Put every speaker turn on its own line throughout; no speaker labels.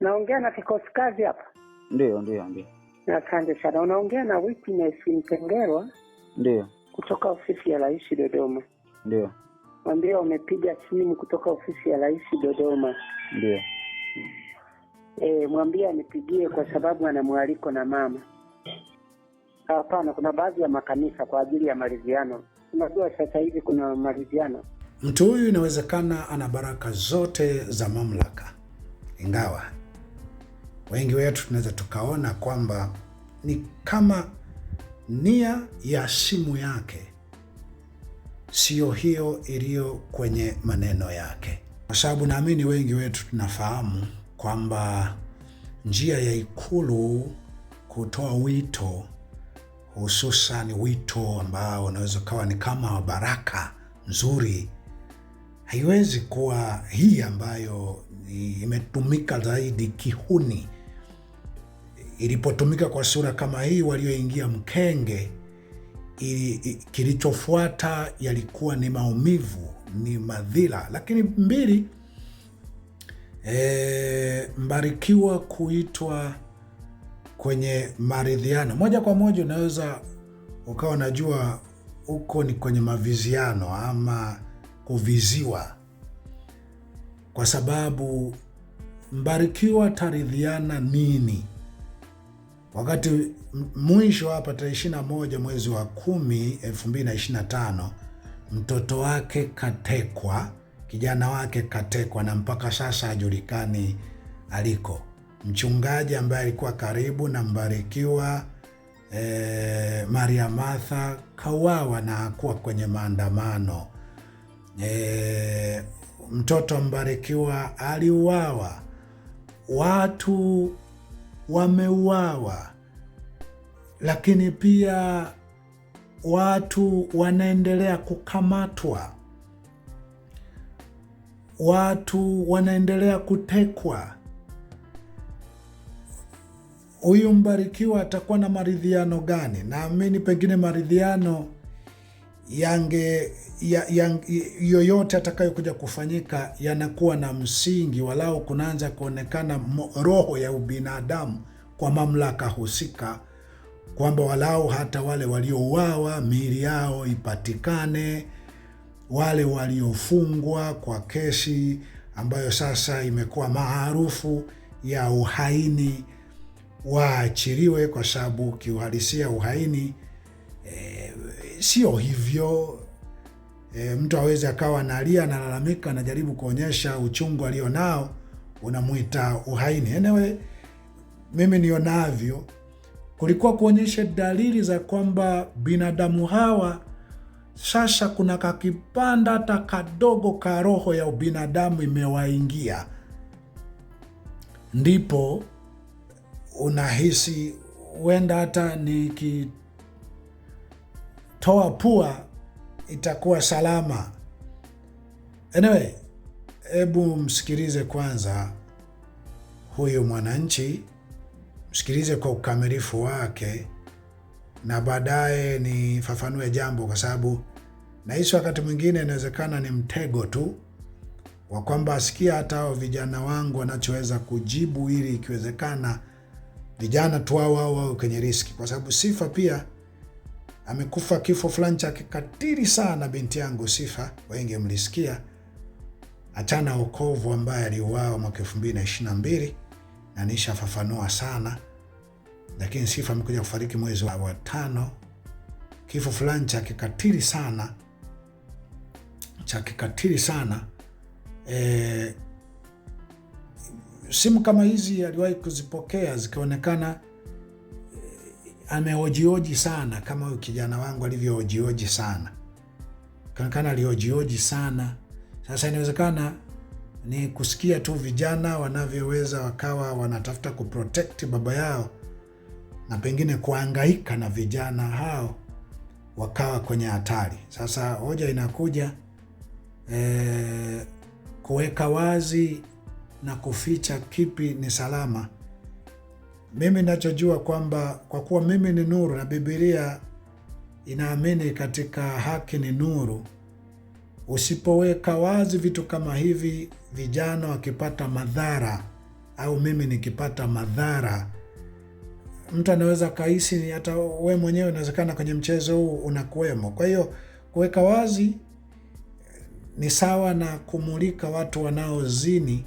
Naongea na kikosi kazi hapa.
Ndio, ndio, ndio.
Asante sana. Unaongea na Witness Mtengerwa. Ndio, kutoka ofisi ya Rais Dodoma. Ndio, mwambie umepiga simu kutoka ofisi ya Rais Dodoma. Ndio. E, mwambie anipigie kwa sababu ana mwaliko na mama. Hapana, kuna baadhi ya makanisa kwa ajili ya maridhiano. Unajua sasa hivi kuna maridhiano.
Mtu huyu inawezekana ana baraka zote za mamlaka, ingawa wengi wetu tunaweza tukaona kwamba ni kama nia ya simu yake siyo hiyo iliyo kwenye maneno yake, kwa sababu naamini wengi wetu tunafahamu kwamba njia ya Ikulu kutoa wito hususan wito ambao unaweza ukawa ni kama wa baraka nzuri, haiwezi kuwa hii ambayo imetumika zaidi kihuni Ilipotumika kwa sura kama hii walioingia mkenge, kilichofuata yalikuwa ni maumivu, ni madhila. Lakini mbili, e, Mbarikiwa kuitwa kwenye maridhiano moja kwa moja, unaweza ukawa unajua huko ni kwenye maviziano ama kuviziwa, kwa sababu Mbarikiwa taridhiana nini? wakati mwisho hapa tarehe ishirini na moja mwezi wa kumi elfu mbili na ishirini na tano mtoto wake katekwa, kijana wake katekwa, na mpaka sasa hajulikani aliko. Mchungaji ambaye alikuwa karibu na Mbarikiwa e, Maria Martha kauawa na akuwa kwenye maandamano e, mtoto Mbarikiwa aliuawa. Watu wameuawa, lakini pia watu wanaendelea kukamatwa, watu wanaendelea kutekwa. Huyu Mbarikiwa atakuwa na maridhiano gani? Naamini pengine maridhiano yange ya, ya, yoyote atakayokuja kufanyika yanakuwa na msingi walau kunaanza kuonekana roho ya ubinadamu kwa mamlaka husika, kwamba walau hata wale waliouawa miili yao ipatikane, wale waliofungwa kwa kesi ambayo sasa imekuwa maarufu ya uhaini waachiliwe, kwa sababu kiuhalisia uhaini eh, sio hivyo. E, mtu awezi akawa analia analalamika, anajaribu kuonyesha uchungu alio nao unamwita uhaini. Enewe, mimi nionavyo kulikuwa kuonyesha dalili za kwamba binadamu hawa sasa kuna kakipanda hata kadogo ka roho ya ubinadamu imewaingia, ndipo unahisi huenda hata ni toa pua itakuwa salama. Anyway, hebu msikilize kwanza huyu mwananchi, msikilize kwa ukamilifu wake, na baadaye nifafanue jambo, kwa sababu nahisi wakati mwingine inawezekana ni mtego tu wa kwamba asikia hata hao vijana wangu wanachoweza kujibu, ili ikiwezekana vijana tu hao kwenye riski, kwa sababu sifa pia amekufa kifo fulani cha kikatili sana binti yangu Sifa, wengi mlisikia. Achana Okovu ambaye aliuawa mwaka mbili na nishafafanua sana, lakini Sifa amekuja kufariki mwezi wa tano, kifo fulani cha kikatili sana cha kikatili sana e, simu kama hizi aliwahi kuzipokea zikionekana ameojioji sana kama huyu kijana wangu alivyohojioji sana. Kankana alihojioji sana. Sasa inawezekana ni kusikia tu vijana wanavyoweza wakawa wanatafuta kuprotect baba yao, na pengine kuangaika na vijana hao wakawa kwenye hatari. Sasa hoja inakuja e, kuweka wazi na kuficha kipi ni salama mimi nachojua kwamba kwa kuwa mimi ni nuru na Biblia inaamini katika haki ni nuru, usipoweka wazi vitu kama hivi, vijana wakipata madhara au mimi nikipata madhara, mtu anaweza kahisi, hata we mwenyewe inawezekana kwenye mchezo huu unakuwemo. Kwa hiyo kuweka wazi ni sawa na kumulika watu wanaozini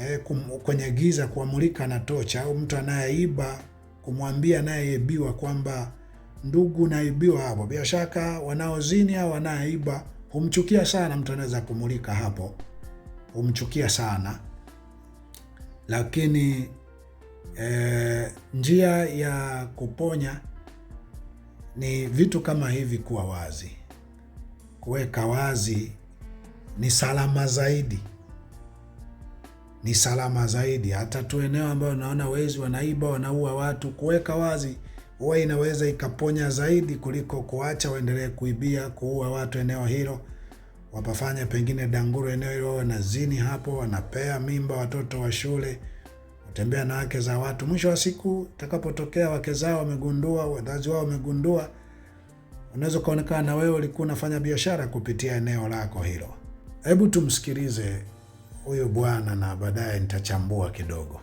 eh, kum, kwenye giza kuamulika na tocha, au mtu anayeiba kumwambia anayeibiwa kwamba ndugu, naibiwa hapo. Bila shaka wanaozini au wanayeiba humchukia sana mtu, anaweza kumulika hapo, humchukia sana lakini e, njia ya kuponya ni vitu kama hivi, kuwa wazi, kuweka wazi ni salama zaidi ni salama zaidi. Hata tu eneo ambayo naona wezi wanaiba, wanaua watu, kuweka wazi huwa inaweza ikaponya zaidi kuliko kuacha waendelee kuibia, kuua watu eneo hilo, wapafanya pengine danguru eneo hilo, wanazini hapo, wanapea mimba watoto wa shule, watembea na wake za watu. Mwisho wa siku takapotokea wake zao wamegundua, wazazi wao wamegundua, unaweza ukaonekana na wewe ulikuwa unafanya biashara kupitia eneo lako hilo. Hebu tumsikilize huyu bwana na baadaye nitachambua kidogo.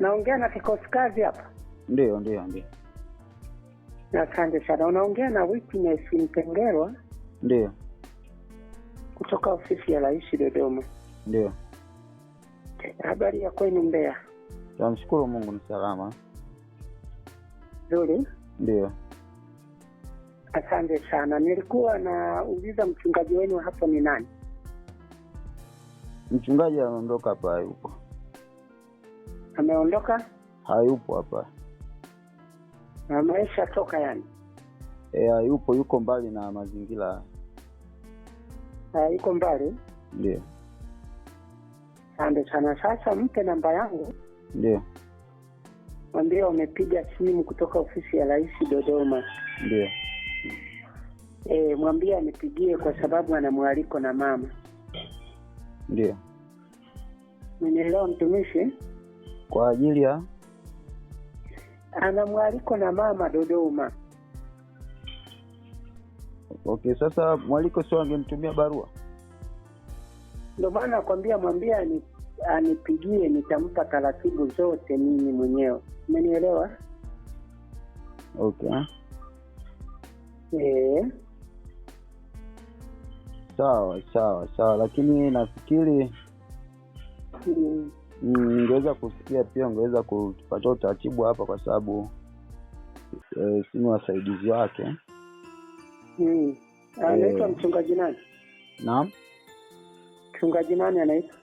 Naongea na kikosi kazi hapa?
Ndio, ndio, ndio.
Asante sana. Unaongea na Witness Mtengerwa? Ndio, kutoka ofisi ya Rais Dodoma. Ndio. Habari ya kwenu Mbeya?
Namshukuru Mungu, ni salama. Nzuri. Ndio.
Asante sana. Nilikuwa nauliza mchungaji wenu hapo ni nani?
Mchungaji ameondoka hapa, hayupo.
Ameondoka,
hayupo hapa,
ameisha toka yani.
E, hayupo, yuko mbali na mazingira
haya. Yuko mbali, ndio. sante sana. Sasa mpe namba yangu, ndio mwambia wamepiga simu kutoka ofisi ya rais Dodoma, ndio. E, mwambia anipigie kwa sababu ana mwaliko na mama ndio. menielewa mtumishi?
Kwa ajili ya
ana mwaliko na mama Dodoma.
Okay, sasa mwaliko sio angemtumia barua?
Ndio maana nakwambia, mwambie anipigie, nitampa taratibu zote mimi mwenyewe. Umenielewa? Okay. Eh
sawa sawa sawa, lakini nafikiri ningeweza kusikia pia, ungeweza kupata utaratibu hapa, kwa sababu e, eh, sini wasaidizi wake.
Hmm. Anaitwa e, mchungaji nani? Naam, mchungaji nani anaitwa?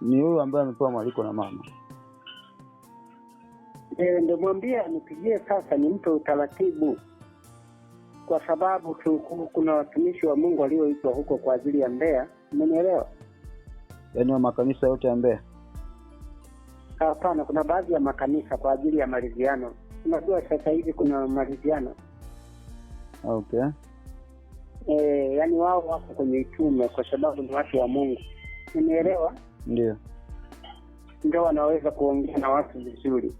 Ni huyu ambaye amepewa mwaliko na mama
e, eh, ndomwambia mwambie anipigie sasa, nimpe utaratibu kwa sababu kuna watumishi wa Mungu walioitwa huko kwa ajili ya mbea umenielewa?
Yaani wa makanisa yote ya mbea
Hapana, kuna baadhi ya makanisa kwa ajili ya maridhiano. Unajua sasa hivi kuna maridhiano. Okay. E, yaani wao wako kwenye itume kwa sababu ni watu wa Mungu, umenielewa? Ndio, ndio wanaweza kuongea na watu vizuri.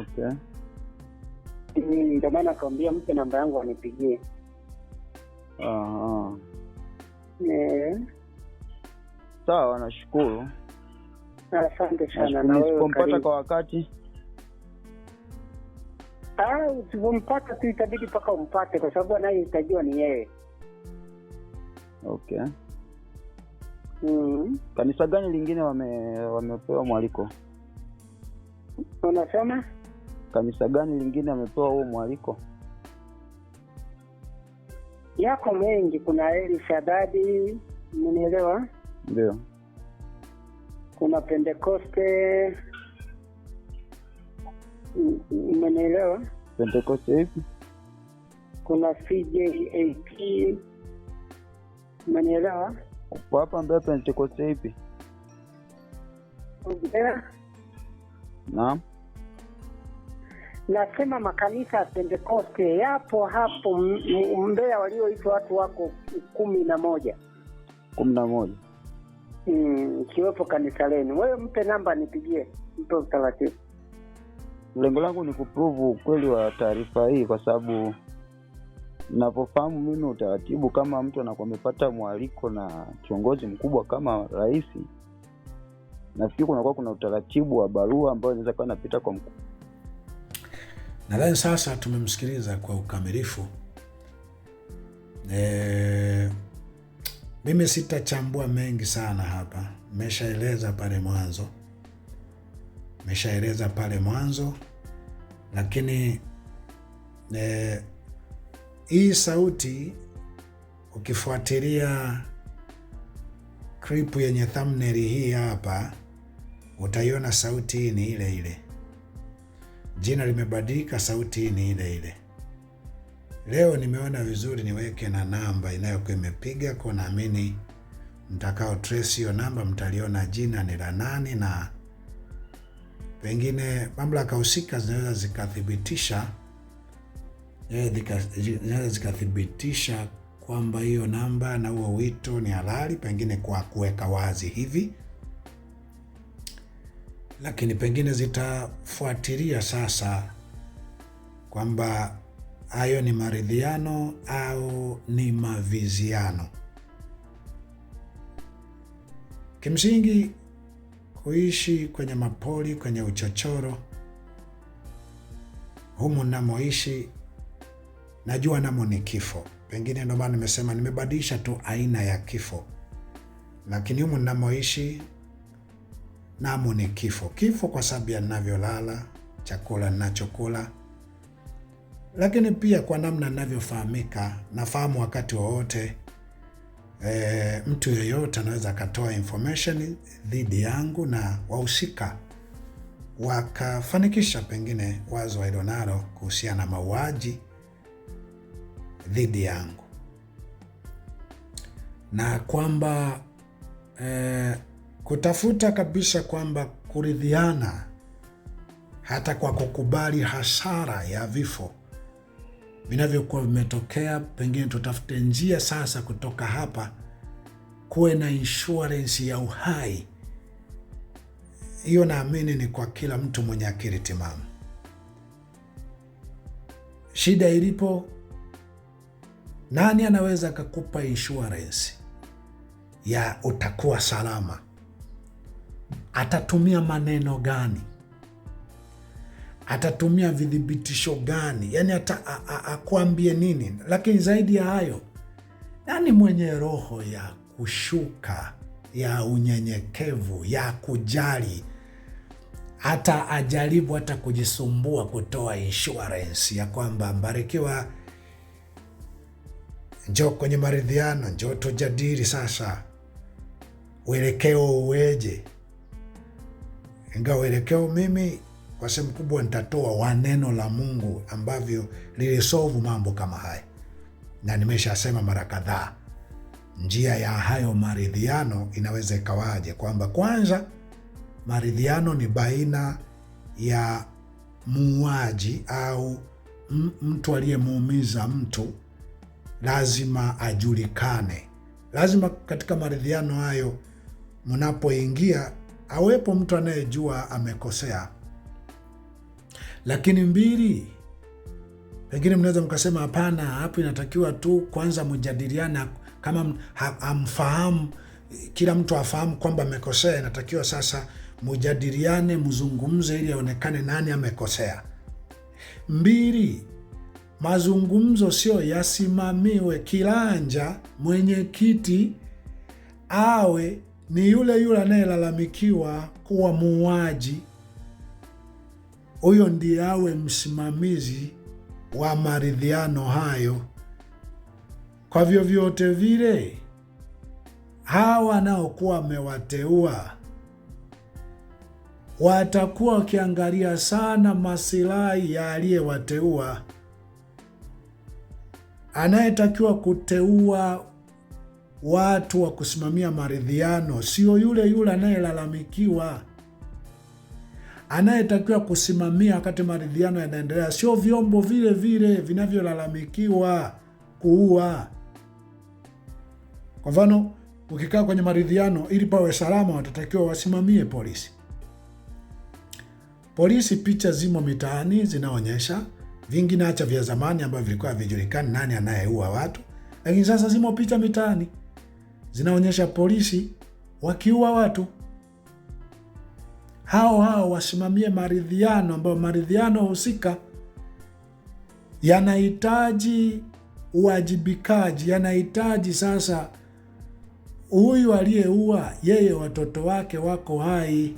Okay. Mm, ndio maana akaambia mpe namba yangu anipigie. Eh.
Sawa, nashukuru.
Asante sana
Usipompata kwa wakati
ah, usivyompata tu itabidi mpaka umpate, kwa sababu anayehitajiwa ni yeye. Okay. Mm.
Kanisa gani lingine wame wamepewa mwaliko?
Unasema?
kanisa gani lingine amepewa huo mwaliko?
Yako mengi, kuna Eli Shadadi, mnielewa? Ndio, kuna Pentekoste, um, umenielewa?
Pentekoste ipi?
Kuna CJAP, umenielewa?
kwa hapa Mbeya, Pentekoste ipi? Mbeya. Naam
nasema makanisa ya Pentekoste yapo hapo Mbeya, walioitwa watu wako kumi na moja kumi na moja mm, ikiwepo mm, kanisa lenu. Wewe mpe namba nipigie, mpe utaratibu.
Lengo langu ni kupruvu ukweli wa taarifa hii, kwa sababu ninapofahamu mimi utaratibu, kama mtu anakuwa amepata mwaliko na kiongozi mkubwa kama rais, nafikiri kunakuwa kuna utaratibu wa barua ambayo inaweza kuwa inapita kwa mkuu
Nadhani sasa tumemsikiliza kwa ukamilifu. E, mimi sitachambua mengi sana hapa, meshaeleza pale mwanzo, meshaeleza pale mwanzo, lakini e, hii sauti ukifuatilia klipu yenye thumbnail hii hapa, utaiona sauti hii ni ile ile. Jina limebadilika, sauti ni ile ile. Leo nimeona vizuri niweke na namba inayokuwa imepiga kwa, naamini mtakao trace hiyo namba mtaliona jina ni la nani, na pengine mamlaka husika zinaweza zikathibitisha eh, zinaweza zikathibitisha kwamba hiyo namba na huo wito ni halali, pengine kwa kuweka wazi hivi lakini pengine zitafuatilia sasa kwamba hayo ni maridhiano au ni maviziano. Kimsingi, kuishi kwenye mapoli kwenye uchochoro humu namoishi, najua namo ni kifo. Pengine ndio maana nimesema nimebadilisha tu aina ya kifo, lakini humu namoishi Namo ni kifo, kifo kwa sababu ya ninavyolala, chakula ninachokula, lakini pia kwa namna ninavyofahamika. Nafahamu wakati wowote e, mtu yeyote anaweza akatoa information dhidi yangu na wahusika wakafanikisha pengine wazo walilonalo kuhusiana na mauaji dhidi yangu na kwamba eh, kutafuta kabisa kwamba kuridhiana hata kwa kukubali hasara ya vifo vinavyokuwa vimetokea. Pengine tutafute njia sasa kutoka hapa, kuwe na insurance ya uhai. Hiyo naamini ni kwa kila mtu mwenye akili timamu. Shida ilipo, nani anaweza akakupa insurance ya utakuwa salama? atatumia maneno gani, atatumia vidhibitisho gani, yani akuambie nini. Lakini zaidi ya hayo, nani mwenye roho ya kushuka ya unyenyekevu ya kujali, hata ajaribu hata kujisumbua kutoa insurance ya kwamba Mbarikiwa, njoo kwenye maridhiano, njoo tujadili sasa uelekeo uweje ingawa uelekeo mimi kwa sehemu kubwa nitatoa wa neno la Mungu ambavyo lilisovu mambo kama haya, na nimeshasema mara kadhaa, njia ya hayo maridhiano inaweza ikawaje? Kwamba kwanza maridhiano ni baina ya muuaji au mtu aliyemuumiza mtu, lazima ajulikane. Lazima katika maridhiano hayo mnapoingia awepo mtu anayejua amekosea. Lakini mbili, pengine mnaweza mkasema hapana, hapo inatakiwa tu kwanza mjadiliana kama hamfahamu, kila mtu afahamu kwamba amekosea. Inatakiwa sasa mujadiliane, mzungumze ili aonekane nani amekosea. Mbili, mazungumzo sio yasimamiwe, kilanja mwenyekiti awe ni yule yule anayelalamikiwa kuwa muuaji, huyo ndiye awe msimamizi wa maridhiano hayo. Kwa vyovyote vile, hawa wanaokuwa wamewateua watakuwa wakiangalia sana masilahi ya aliyewateua. Anayetakiwa kuteua watu wa kusimamia maridhiano, sio yule yule anayelalamikiwa. Anayetakiwa kusimamia wakati maridhiano yanaendelea sio vyombo vile vile vinavyolalamikiwa kuua. Kwa mfano, ukikaa kwenye maridhiano, ili pawe salama, watatakiwa wasimamie polisi. Polisi, picha zimo mitaani zinaonyesha vingi, naacha acha vya zamani ambavyo vilikuwa havijulikani nani anayeua watu, lakini sasa zimo picha mitaani zinaonyesha polisi wakiua watu. Hao hao wasimamie maridhiano, ambayo maridhiano husika yanahitaji uwajibikaji, yanahitaji sasa, huyu aliyeua, yeye watoto wake wako hai,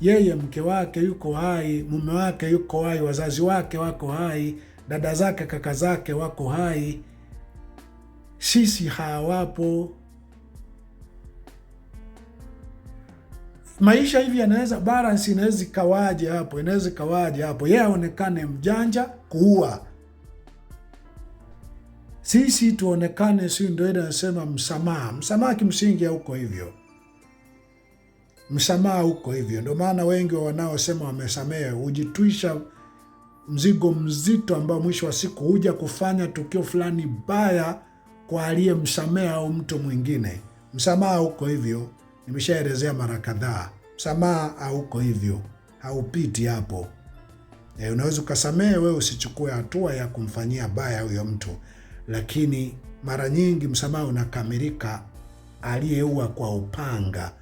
yeye mke wake yuko hai, mume wake yuko hai, wazazi wake wako hai, dada zake, kaka zake wako hai, sisi hawapo. maisha hivi yanaweza balance, inaweza ikawaje hapo, inaweza ikawaje hapo, yeye aonekane mjanja kuua, sisi tuonekane, si ndio? Ile anasema msamaha. Msamaha kimsingi hauko hivyo, msamaha huko hivyo. Ndio maana wengi wanaosema wamesamehe hujitwisha mzigo mzito ambao mwisho wa siku huja kufanya tukio fulani baya kwa aliyemsamehe au mtu mwingine. Msamaha huko hivyo. Nimeshaelezea mara kadhaa, msamaha hauko hivyo, haupiti hapo. E, unaweza ukasamehe wewe, usichukue hatua ya kumfanyia baya huyo mtu, lakini mara nyingi msamaha unakamilika. Aliyeua kwa upanga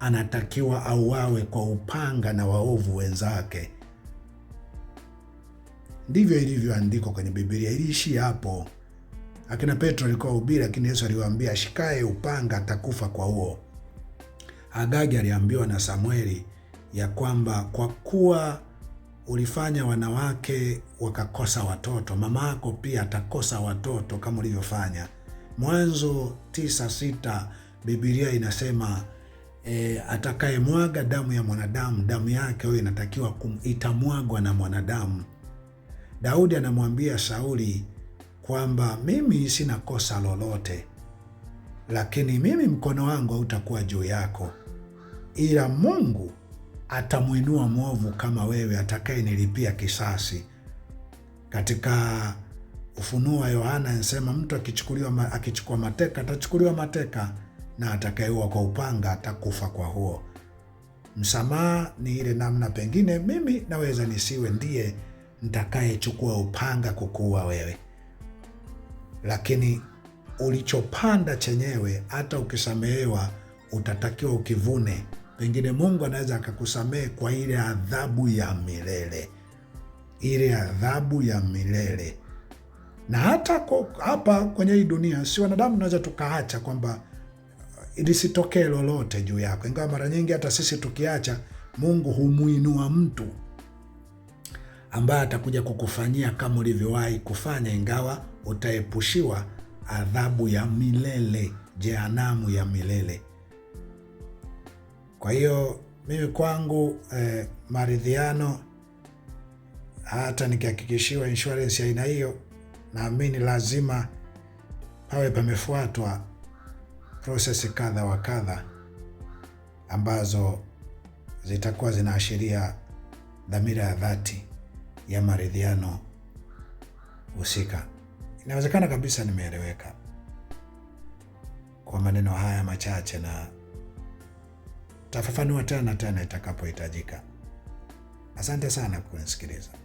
anatakiwa auawe kwa upanga na waovu wenzake. Ndivyo ilivyoandikwa kwenye Biblia, iliishi hapo. Akina Petro alikuwa ubiri, lakini Yesu aliwaambia, ashikaye upanga atakufa kwa huo. Agagi aliambiwa na Samueli ya kwamba kwa kuwa ulifanya wanawake wakakosa watoto, mama yako pia atakosa watoto kama ulivyofanya. Mwanzo tisa sita Biblia inasema e, atakayemwaga damu ya mwanadamu damu yake huyo inatakiwa itamwagwa na mwanadamu. Daudi anamwambia Sauli kwamba mimi sina kosa lolote, lakini mimi mkono wangu hautakuwa juu yako ila Mungu atamwinua mwovu kama wewe atakayenilipia kisasi. Katika Ufunuo wa Yohana anasema mtu akichukuliwa, akichukua mateka atachukuliwa mateka, na atakayeua kwa upanga atakufa kwa huo. Msamaha ni ile namna, pengine mimi naweza nisiwe ndiye nitakayechukua upanga kukuua wewe, lakini ulichopanda chenyewe, hata ukisamehewa, utatakiwa ukivune. Pengine Mungu anaweza akakusamehe kwa ile adhabu ya milele, ile adhabu ya milele. Na hata hapa kwenye hii dunia, si wanadamu tunaweza tukaacha kwamba uh, lisitokee lolote juu yako, ingawa mara nyingi hata sisi tukiacha, Mungu humwinua mtu ambaye atakuja kukufanyia kama ulivyowahi kufanya, ingawa utaepushiwa adhabu ya milele, jehanamu ya milele. Kwa hiyo mimi kwangu eh, maridhiano hata nikihakikishiwa insurance ya aina hiyo, naamini lazima pawe pamefuatwa prosesi kadha wa kadha ambazo zitakuwa zinaashiria dhamira ya dhati ya maridhiano husika. Inawezekana kabisa nimeeleweka kwa maneno haya machache na Tafafanua tena tena itakapohitajika. Asante sana kunisikiliza.